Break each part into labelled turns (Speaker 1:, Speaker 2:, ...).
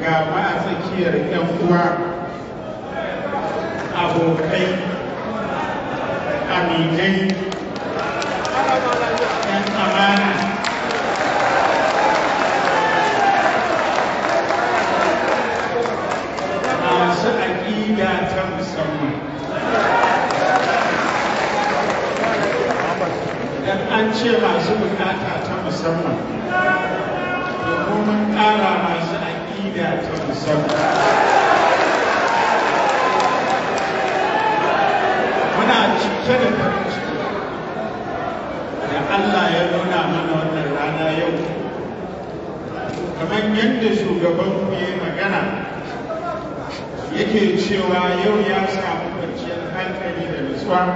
Speaker 1: ga ma tsakiyar yan uwa abokai amintai, yan amana masu aƙida ta musamman dan an ce masu bukata ta musamman domin ƙara masu عقيدة السنة muna cike da farin ciki da Allah ya nuna mana wannan rana yau kamar yadda shugaban ku ya magana yake cewa yau ya samu kwanciyar hankali da nutsuwa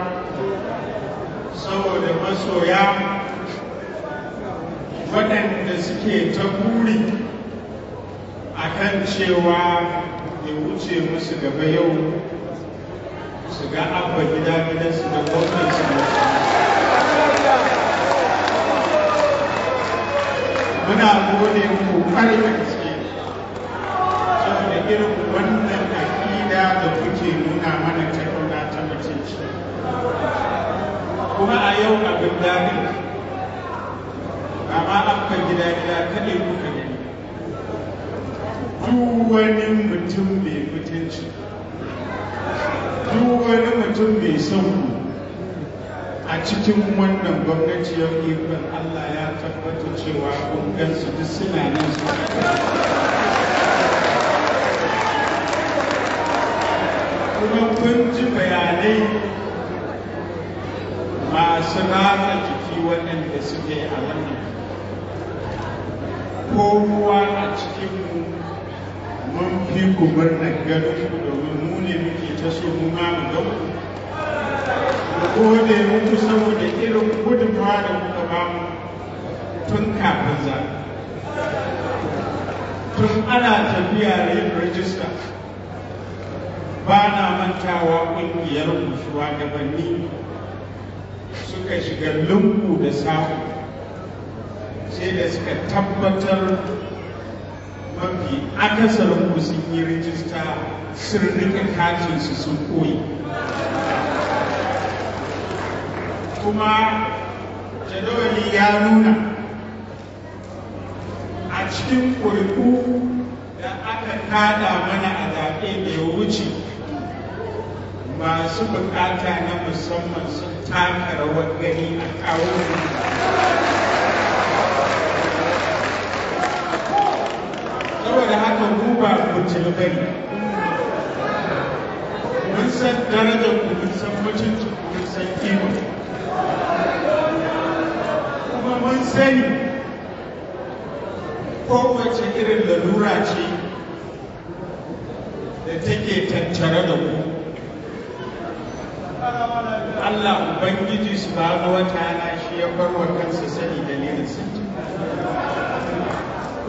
Speaker 1: saboda masoya waɗanda suke ta buri Akan cewa ya wuce musu gaba yau su ga abba gida gidansu da gwamnansu muna gode muku kwarai da saboda irin wannan aƙida da kuke nuna mana ta nuna ta mutunci kuma a yau abin daɗin amma abba gida gida kaɗai kuka duk wani mutum mai mutunci wani mutum mai son a cikin wannan gwamnati yau ikon Allah ya tabbata cewa ƙungansu duk suna nan su kuma kun ji bayanai masu rana jiki waɗanda suke a wannan kowa a cikinmu mun fi ku murnar ganin ku domin mu ne muke ta so mu ma mu ga ku gode muku saboda irin gudunmawa da kuka ba mu tun kafin za tun ana tafiya da yin rajista ba na mantawa ƙungiyar mu shugabanni suka shiga lungu da sahu, sai da suka tabbatar mafi akasarin ku sun yi rijista sun rika katin su sun koyi kuma jadawali ya nuna a cikin kuriku da aka kada mana a zaɓe da ya wuce masu bukata na musamman sun taka rawar gani a kawo saboda haka guba ba da bane mun san darajar ku mun san mutunci ku mun san kima kuma mun sani kowace irin lalura ce da take tattare da ku Allah Ubangiji su subhanahu wata na shi ya bar wa kansa sani dalilin sani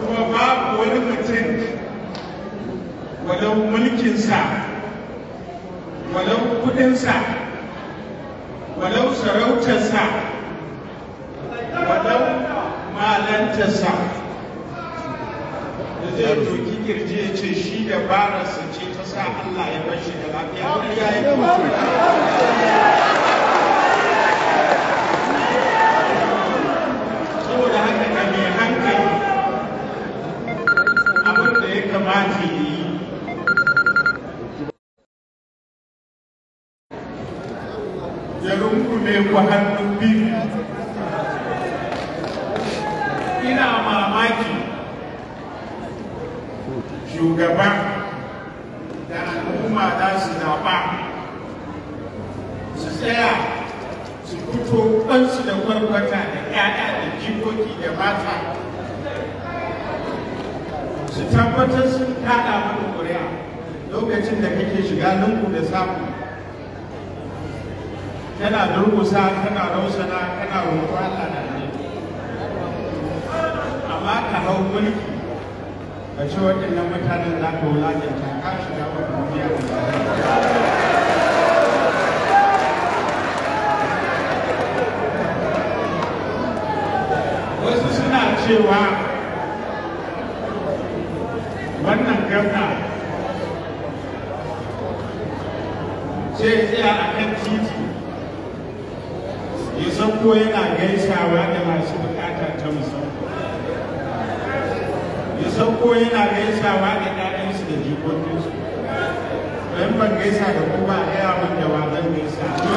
Speaker 1: kuma babu wani mutum walau mulkinsa walau kudinsa walau sarautarsa walau malantarsa da zai doki kirji ya ce shi da barasa ce ta sa Allah ya bashi da lafiya wani ya yi cewa wannan gwamna ce tsaya a kan titi ya sauko yana gaisawa da masu bukata ta musamman ya sauko yana gaisawa da ɗaɗinsu da jikokinsu don ban gaisa da kuma a yawon wanda wa zan gaisa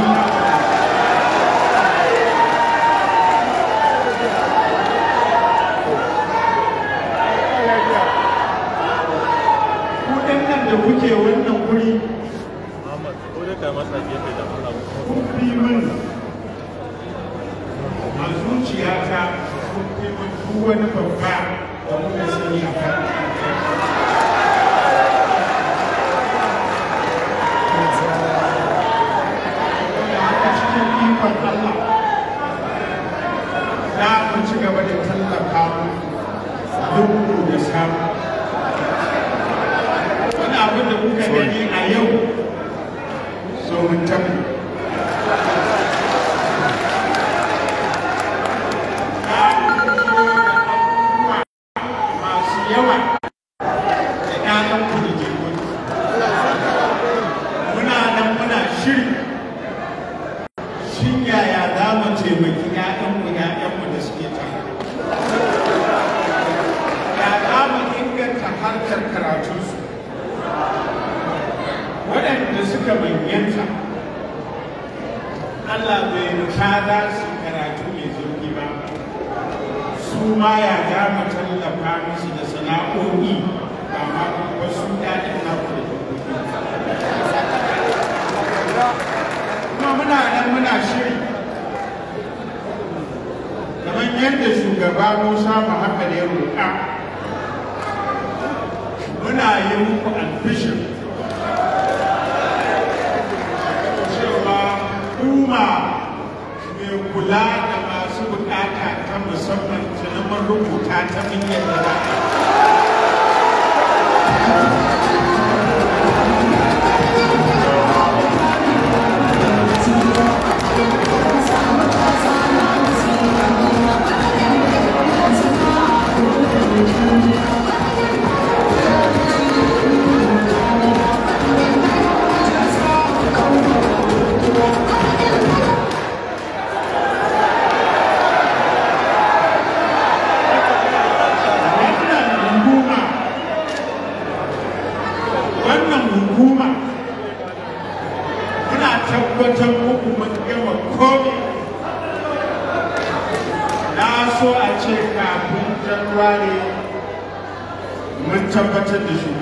Speaker 1: kama tallafa musu da sana'o'i ba wasu daɗin naku kuma muna nan muna shiri kamar yadda shugaba musa mahakar ya roƙa muna yi muku albishir cewa kuma mai kula da masu bukata ta musamman มรุกขุทานชมิเยนนะครับ championship issue.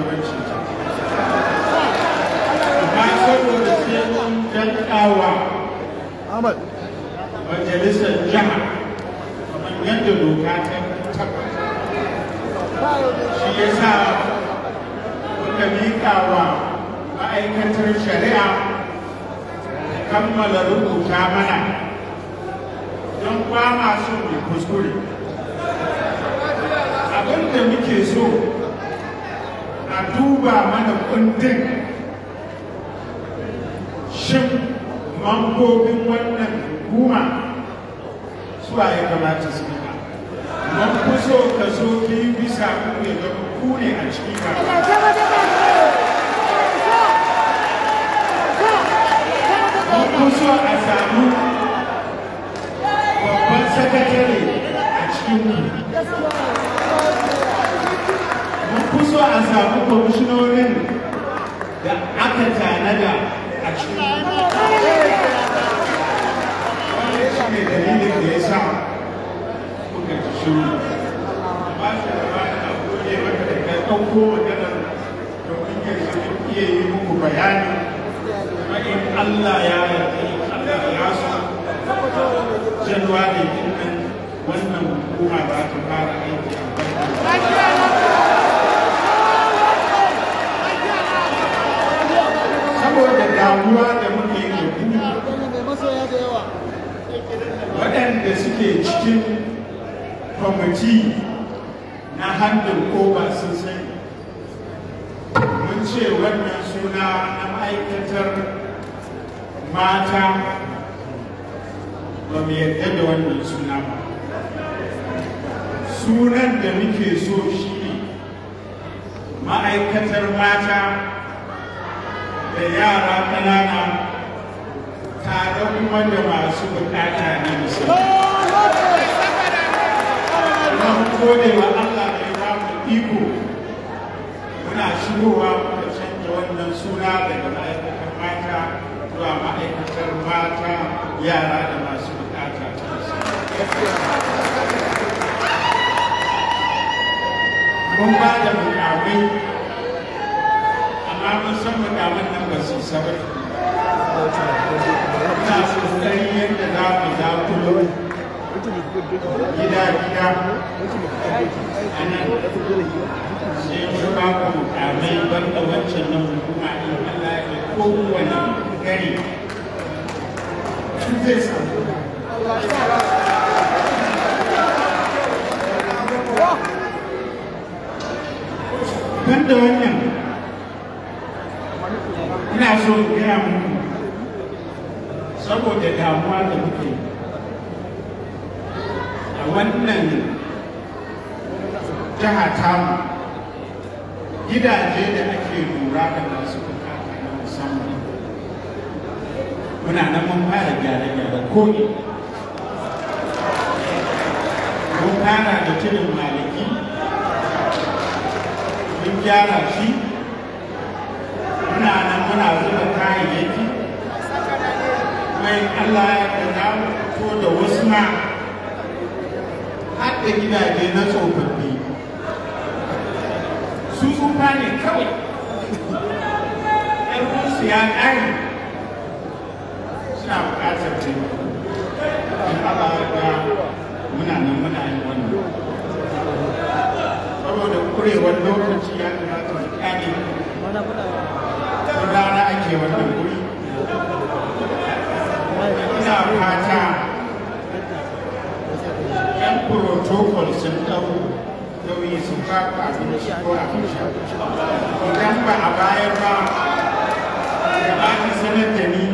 Speaker 1: suwa ya kamata su yi mun fi ka zo biyu bisa uku ya zama ku ne a cikin ka mun kuso a samu babban sakatare a cikin ku mun kuso a samu kwamishinorin da aka tanada a cikin ku
Speaker 2: shi ne dalilin da ya
Speaker 1: sa muka ci shiru ba shi da ba da gode maka da ka ɗauko maganar da kuke su iya yi muku bayani kuma in Allah ya yarda Allah ya sa janwa ne kin wannan hukuma za ta fara aiki a saboda damuwa da suke cikin kwamiti na hannun koba sun sani mun ce wannan suna na ma'aikatar mata ba mu yarda da wannan suna ba sunan da muke so shi ne ma'aikatar mata da yara ƙanana tare kuma da masu bukata na musamman na gode wa Allah da ya ba mu iko muna shigowa muka canja wannan suna daga ma'aikatar mata zuwa ma'aikatar mata yara da masu bukata ta mun ba da amma mun san mukaman nan ba su sabar ina kokari yadda za mu zakulo gida gida da mun ba ku mukamai banda wancan na hukuma gari zai wannan ina so gaya saboda damuwa da muke wannan jiha mu gidaje da ake lura da masu bukata na musamman muna nan mun fara gyare-gyare ko'ina mun fara da tudun maliki mun gyara shi muna nan muna zuba kayayyaki mai allah ya da ko da wasu ma da gidaje na tsofaffi su tsufa ne kawai ɗan ruwansu ya ƙari suna buƙatar taimako in Allah ya muna nan muna yin wannan saboda kurewar lokaci ya kamata mu ta rana ake wannan guri ina fata protocol sun ɗau nauyi sun ba ku abinci ko abin sha idan ba a bayar ba da ba ki sanar da ni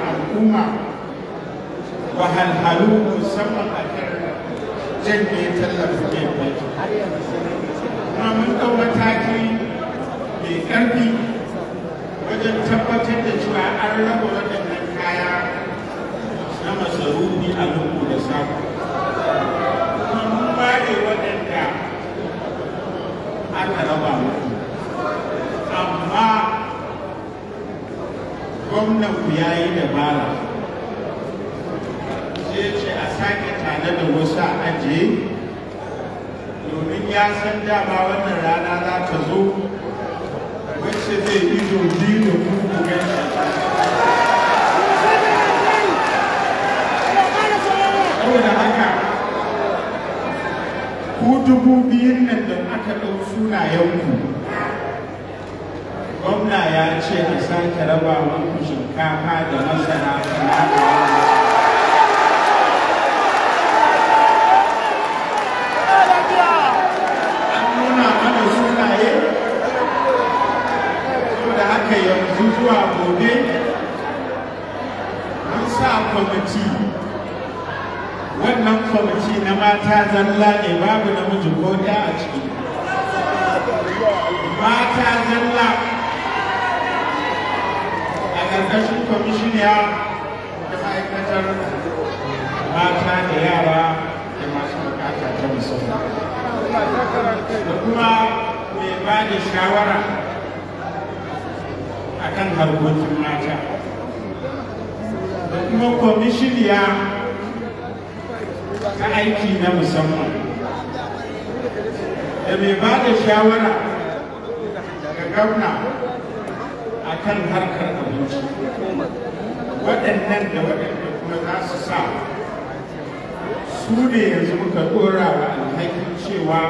Speaker 1: al'umma wahalhalu musamman a kan janye tallafin mai kuma mun ɗau mataki mai ƙarfi wajen tabbatar da cewa an raba waɗannan kaya na masarufi a lungu da sako kuma mun ware waɗanda aka raba muku amma gwamnan ku ya yi dabara sai ce a sake tare da wasu a ajiye domin ya san dama wannan rana za ta zo wacce zai yi biyu da kuku haka ku dubu biyun nan da aka ɗau ku gwamna ya ce a sake raba muku shinkafa da masara an nuna mana sunaye da haka yanzu zuwa gobe an sa kwamiti wannan kwamiti na mata zalla ne babu namiji ko da a ciki mata zalla ƙarƙashin kwamishiniya da ma'aikatar mata da yara da masu bukata ta musamman da kuma mai ba da shawara a kan harkokin mata da kuma kwamishiniya ta aiki na musamman da mai ba da shawara ga gauna. kan harkar abinci waɗannan da waɗanda kuma za su sa su ne yanzu muka ɗora wa alhakin cewa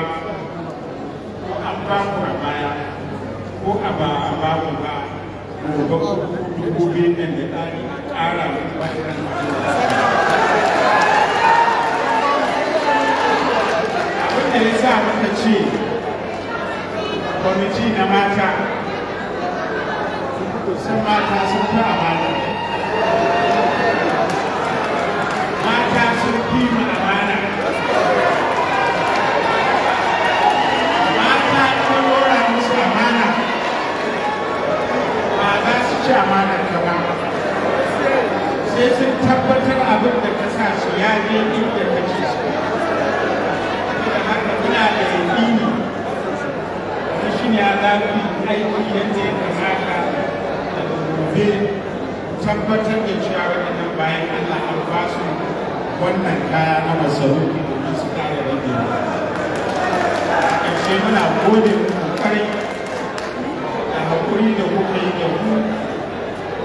Speaker 1: ko an ba a baya ko a ba a ba ku ba gobe ko dubu nan da ɗari a ƙara wa abin da ya sa muka ce kwamiti na mata san mata sun fi mu amana mata lura musu amana su ci amana sai sun tabbatar abin da ka sa su ya ina da yaƙini shi ne a zafi aiki yadda domin tabbatar da cewa waɗannan bayan Allah an ba su wannan kaya na masarufi domin su kare rage a ƙarshe muna gode ƙoƙari da haƙuri da kuka yi da mu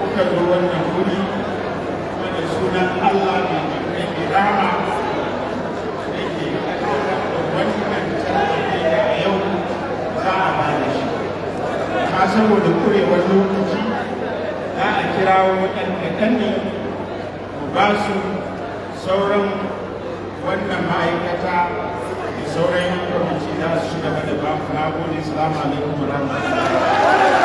Speaker 1: kuka zo wannan wuri wanda sunan Allah mai jirgin irama da ke da wannan tarihi a yau za a bada shi. Ka saboda kurewar lokaci kirawo waɗanda ɗanne ku ba su sauran wannan ma'aikata da sauran yan kwamiti za su shiga da ba ku na gode salamu alaikum wa rahmatullahi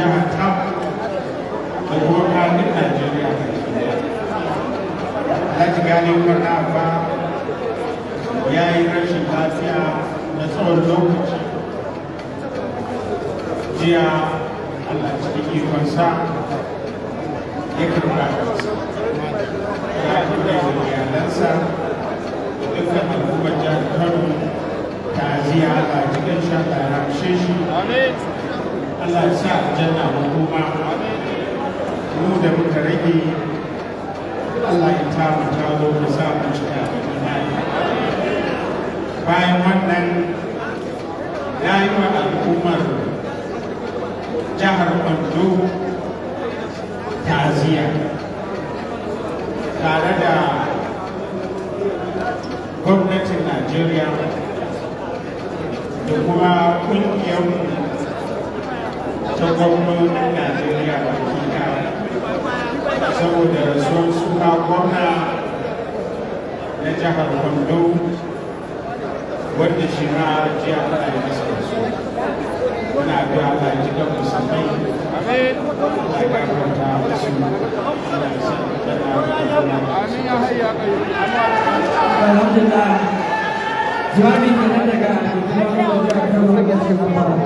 Speaker 1: jihar tamu da kuma kanin najeriya ya yi rashin lafiya na tsawon lokaci jiya allah cikin ikonsa ya karɓa ya haɗu da dukkan al'ummar kano ta Allah ya sa aljanna mu kuma mu da muka rage Allah ya ta mu ta zo mu sa mu cika bayan wannan ya yi wa al'ummar jihar Ondo taziya tare da gwamnatin Najeriya da kuma ƙungiyarmu ta gwamnonin najeriya baki daya saboda rasuwar suna gwamna na jihar kwando wanda jiya ana yi masa rasuwa
Speaker 2: wani a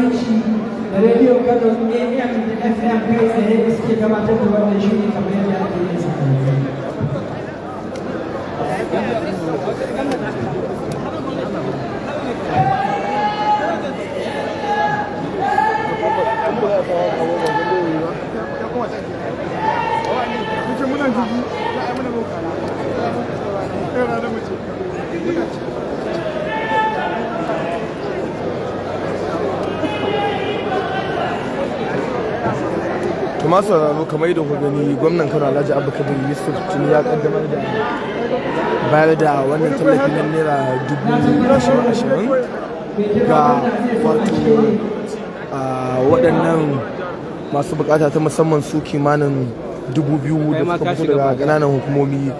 Speaker 2: zumunci da rediyo kano am da fm kai tsaye da suke gabatar da wannan shiri kamar yadda ake yin masu sauraro kamar yadda ku gani gwamnan kano alhaji abu kabir yusuf tuni ya kaddamar da bayar da wannan tallafin na naira dubu ashirin ashirin
Speaker 1: ga wato waɗannan
Speaker 2: masu bukata ta musamman su kimanin dubu biyu da suka fito daga ƙananan hukumomi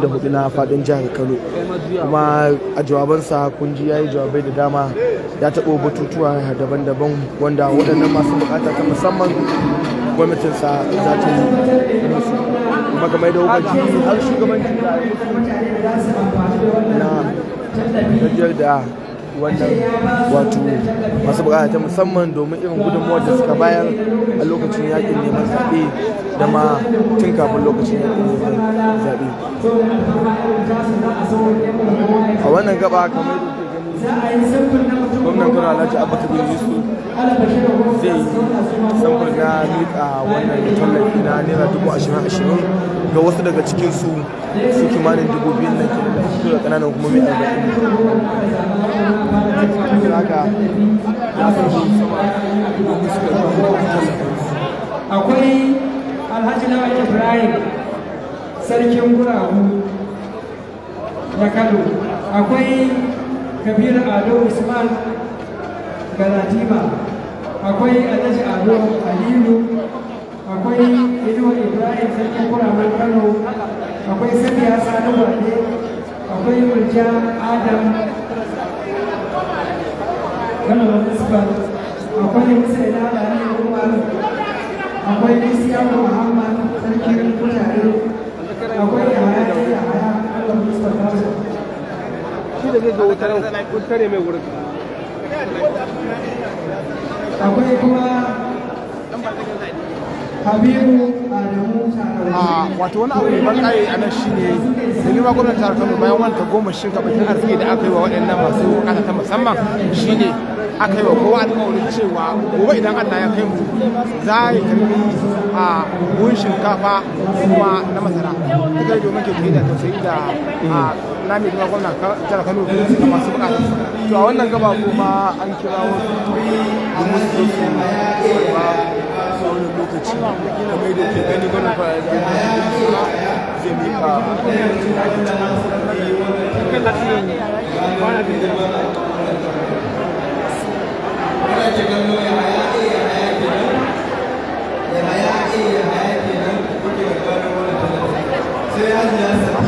Speaker 2: da hudu na faɗin jihar kano kuma a jawabansa kun ji ya yi jawabai da dama ya taɓo batutuwa daban-daban wanda waɗannan masu bukata ta musamman gwamnatin sa za ta yi musu kuma game da hukunci har shugabanci na gajiyar da wannan wato masu bukata ta musamman domin irin gudunmuwar da suka bayar a lokacin yakin neman zaɓe da ma tun kafin lokacin yakin neman zaɓe a wannan gaba kamar gwamnan kano alhaji abubakar yusuf zai saboda na miƙa wannan tallafi na naira dubu ashirin ashirin ga wasu daga cikin su
Speaker 1: su kimanin dubu
Speaker 2: biyun na ke da su da ƙananan kuma mai arba'in haka ya samu sama domin suka yi akwai alhaji lawan ibrahim sarkin guragu na kano akwai kabiru ado usman galatima akwai alhaji ado aliyu akwai inuwa ibrahim sarkin kuraman kano akwai sabiya sani wande
Speaker 1: akwai murja
Speaker 2: adam kano municipal akwai musaina alhaji umar akwai isiya muhammad sarkin kutare akwai yahaya yahaya kano municipal shi da zai zo wutar mai wurin akwai kuma habibu adamu a ah, wato wani abu ban kai a nan shine da girma gwamnati jihar kano bayan wani goma shi bakin arziki da aka yi wa waɗannan masu bukata ta musamman shine aka yi wa kowa alƙawarin cewa gobe idan allah ya kai mu za a yi karbi a shinkafa kuma na masara ita domin ke da tausayi da na mai girma gwamna jihar kano da masu bukata to a wannan gaba kuma an kira wasu domin su su ba a
Speaker 1: wani lokaci kila mai da ke gani gwamna ba ya zama zai mai ka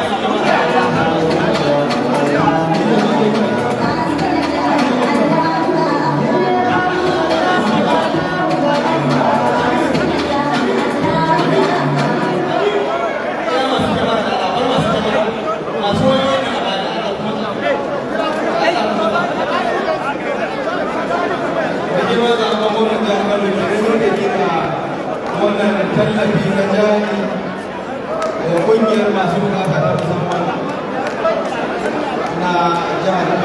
Speaker 2: tallafi na jari da kungiyar masu bukata ta musamman na jihar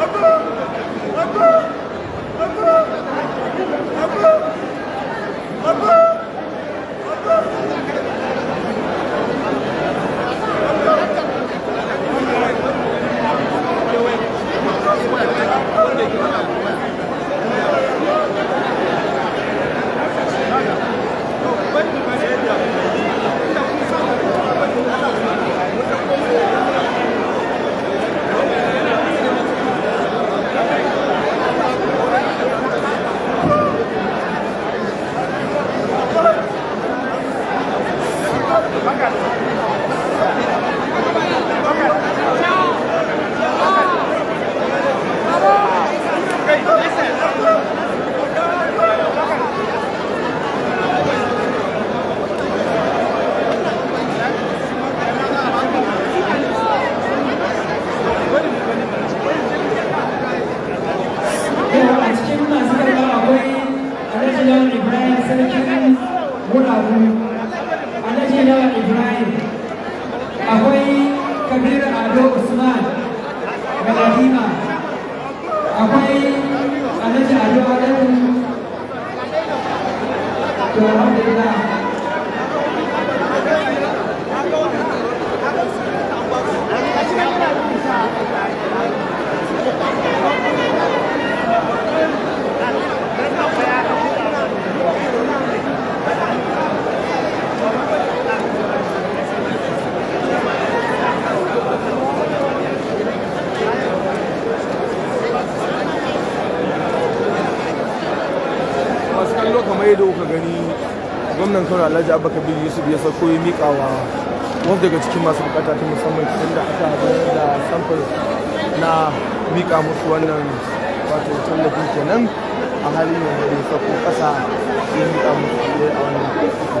Speaker 2: Kano. Let's go! Abu! Abu! alhaji Abubakar bin yusuf ya sako ya miƙa wa daga cikin masu bukata ta musamman cikin da aka bayar da samfur na mika musu wannan wato tallafin kenan a halin yanzu da ya sako ƙasa ya mika musu a wannan kuma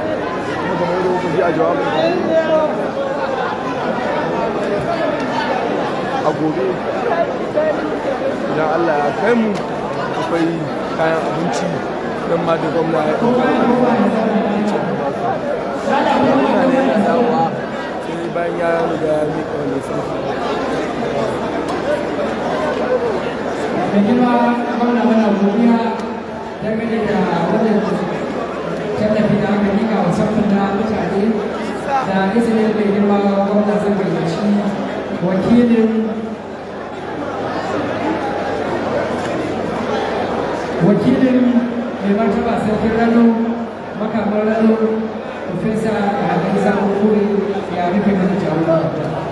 Speaker 2: kamar yadda kuka ji a jawabin a gobe idan allah ya kai mu akwai kayan abinci don ma da gwamna ya mutane yana dawowa sai bayan da aka na mutane wakilin
Speaker 1: wakilin
Speaker 2: mai martaba sarkin rano makamar rano Profesa Aisa eh, Magufuli ya vipi cha umma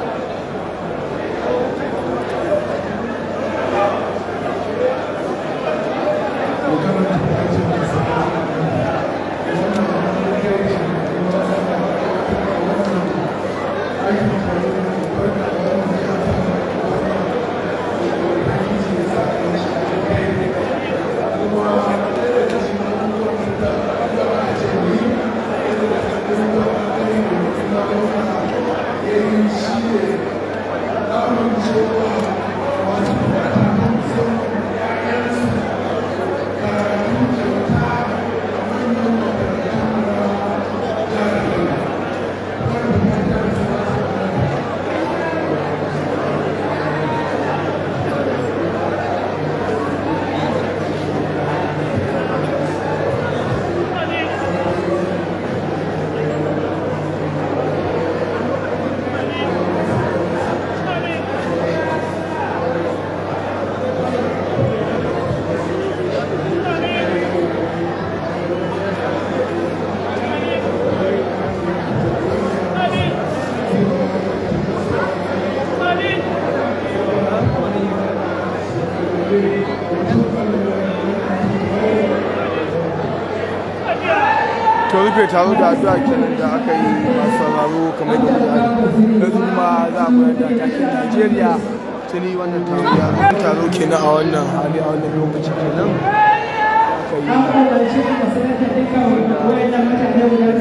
Speaker 2: rufe taro da addu'a kenan da aka yi masu sauraro kamar da mutane yanzu kuma za a bayar da takin tun yi wannan taro ya rufe taro kenan a wannan hali a wannan lokaci kenan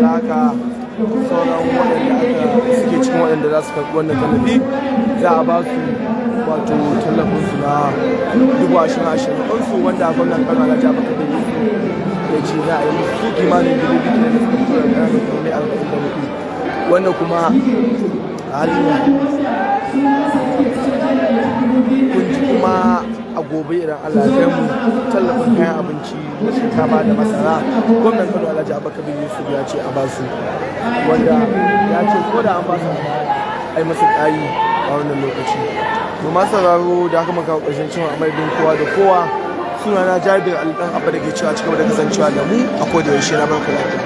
Speaker 2: za ka sauran waɗanda aka suke cikin waɗanda za su karɓi wannan tallafi za a ba su wato tallafin su na dubu ashirin ashirin wanda gwamnan kano alhaji abubakar da ya ce za a yi su kimanin dubu biyu da suka fito daga ƙananan hukumomi wannan kuma a
Speaker 1: halin yanzu
Speaker 2: kuma a gobe idan Allah ya mu tallafin kayan abinci da shinkafa da masara gwamnan Kano Alhaji Abubakar bin Yusuf ya ce a basu wanda ya ce ko da an ba su ai masu ƙari a wannan lokaci to masu sauraro da aka maka ƙarshen cewa amai bin kowa
Speaker 1: da kowa sunana jabir alɗan abba da ke cewa cikin da kasancewa da mu a kodayaushe na barku lafiya